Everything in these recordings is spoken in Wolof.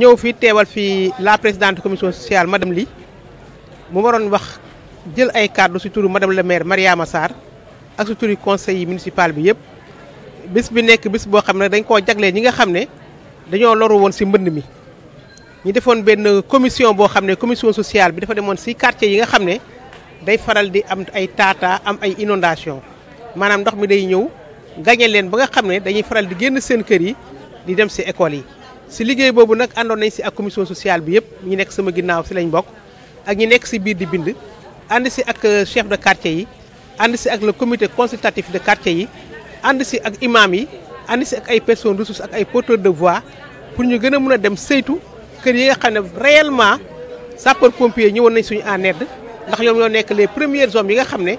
ñëw fi teewal fi la présidente commission sociale madame Li. mu waroon wax jël ay kàddu si turu madame le maire Mariama Sarr ak si turu conseil municipal bi yépp bis bi nek bis bo xamné dañ ko jaglé ñi nga xam ne dañoo loru woon si mbënd mi ñi defoon ben commission bo xamné commission sociale bi dafa démon ci quartier yi nga xamné day faral di am ay tata am ay inondation manam ndox mi day ñew gagné leen ba nga xamné dañuy faral di génn seen kër yi di dem si école yi ci liggéey bobu nak andon nañ ci ak commission sociale bi yépp ñu nekk sama ginnaw ci lañ bok ak ñu nekk ci biir di bind and ci ak euh, chef de quartier yi and ci ak le comité consultatif de quartier yi and ci ak imam yi and ci ak ay personnes ressources ak ay porteurs de voix pour ñu gëna mëna dem seytu kër yi nga xamné réellement sapeur pompier ñëwoon nañ suñu en aide ndax ñoom ñoo nekk les premiers hommes yi nga xamné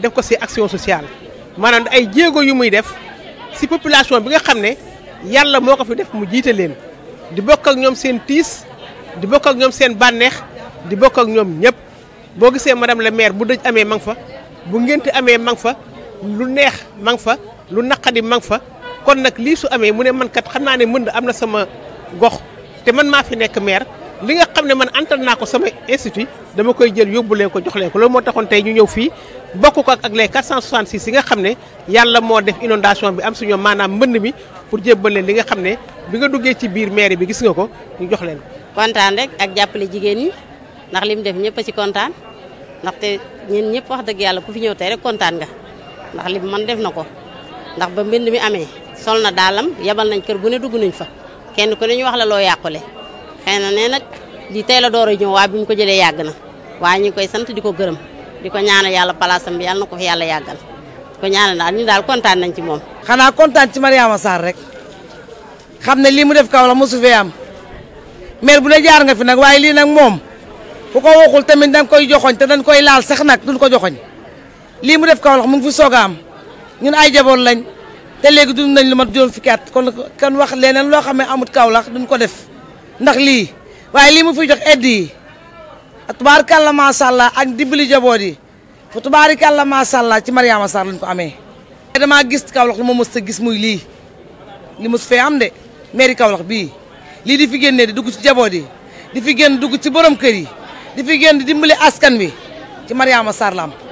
def ko ci action sociale maanaam ay djégo yu muy def si population bi nga xamné yalla moko fi def mu jité leen di bokk ak ñom seen tiis di bokk ak ñom seen banex di bokk ak ñom ñep bo gisee madame la maire bu dëj Amé Mangfa, fa bu ngénte amé Mangfa, fa lu neex ma fa lu nakadi ma fa kon nak li su amé mune man kat xamna né mënd amna sama gox té man ma fi nekk maire li nga xam ne man antal naa ko sama institut dama koy jël yóbbu leen ko jox leen ko loolu moo taxoon tey ñu ñëw fii bokk ko ak les 466 yi nga xam ne yàlla moo def inondation bi am suñoo maanaam mbënd mi pour jébbal leen li nga xam ne bi nga duggee ci biir mairie bi gis nga ko ñu jox leen ko. kontaan rek ak jàppale jigéen ñi ndax li mu def ñëpp a ci kontaan ndax te ñun ñëpp wax dëgg yàlla ku fi ñëw tey rek kontaan nga ndax li man def na ko ndax ba mbënd mi amee sol na daalam yabal nañ kër gu ne dugg nañ fa kenn ku ne ñu wax la loo yàqule. xëy na nee nag lii tey la door a ñëw waaye bu ko jëlee yàgg na waaye ñu ngi koy sant di ko gërëm di ko ñaanal yàlla palaasam bi yàlla ko yàlla yàggal di ko ñaanal daal daal kontaan nañ ci moom. xanaa kontaan ci Mariama saar rek xam ne lii mu def kaw la mosu fee am maire bu ne jaar nga fi nag waaye lii nag moom ku ko waxul tamit dañ koy joxoñ te dañ koy laal sax nag duñ ko joxoñ lii mu def kaw mu ngi fi soog am ñun ay jaboot lañ te léegi dund nañ lu mat juróom fukki at kon kon wax leneen loo xam ne amut kaw du duñ ko def. ndax lii waaye lii mu fi jox edd tubaar tubaarkàlla macha allah ak dimbali jaboot yi fu tubaarkàlla macha allah ci Mariama Sarr lañ ko amee. damaa gis Kaolack lu ma mës a gis muy lii li mos fee am de mairie Kaolack bii lii di fi génnee di dugg ci jaboot yi di fi génn dugg ci borom kër yi di fi génn di dimbali askan wi ci Mariama Sarr